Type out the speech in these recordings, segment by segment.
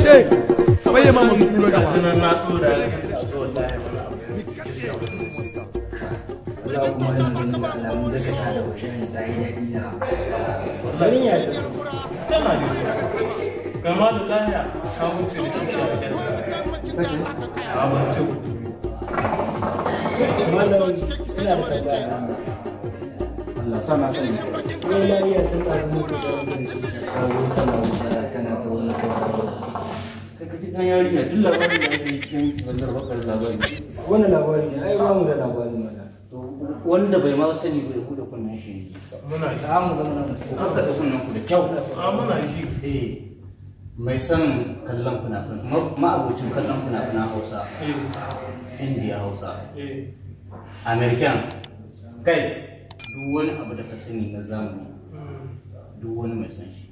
ce bayyana ma mutum lura da kama da da wanda bai ma sani ba ya kuda kunnen shi muna ta mu zama nan da kyau eh mai son kallon kuna ma ma'abocin kallon kuna kuna hausa eh. indiya hausa eh. american kai duk wani abu da ka sani na zamani hmm. duk wani mai son shi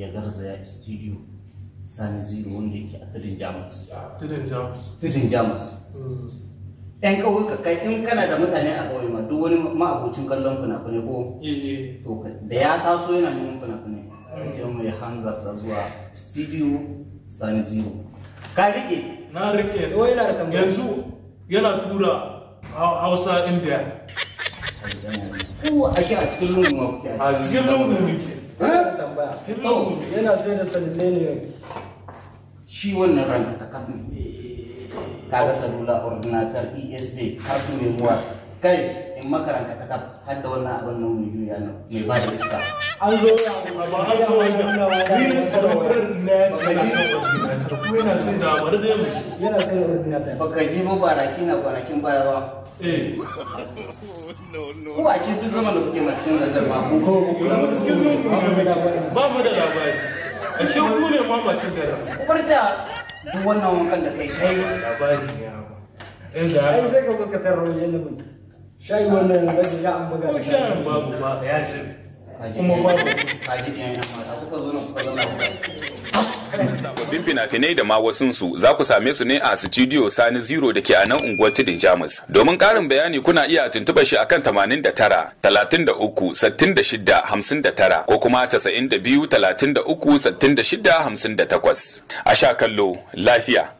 ya garza ya studio sani zero wanda yake a tudun jamus tudun jamus hmm. yan ka kai in kana da mutane a kawai ma duk wani ma'abucin kallon fina-finai ko to da ya taso yana nuna fina-finai a cikin mai hanzarta zuwa studio sani zero ka rike na rike wai yana da tambaya yanzu yana tura hausa india ko a cikin lungu ma kuke a cikin lungu ne ke tambaya to yana sai da sanille ne shi wannan ranka ka kaga salula ordinatar esb har memoir kai in makaranta ta kaf har da wannan abin nan mu juya nan mai ba da iska an zo ya ba an zo ya ba ba na yana sai da bari da mu yana sai da ordina ta baka ji ba baraki na kwanakin baya ba eh ko a b'a duk zaman da kuke masu cikin zanzar ba ko ko ba mu da labari a shi ku ne ma masu ne kubarta duk wannan wankan da kai kai labari ne eh, ai sai ka kuka tarro yalla mutum shayi wannan zai da shayin babu ba Sababbin fina-finai da ma wasunsu za ku same su ne a Studio Sani Zero da ke a nan unguwar Tidin Jamus. Domin ƙarin bayani kuna iya tuntuɓa shi akan 89 33 66 59 ko kuma 92 33 66 58. A sha kallo lafiya.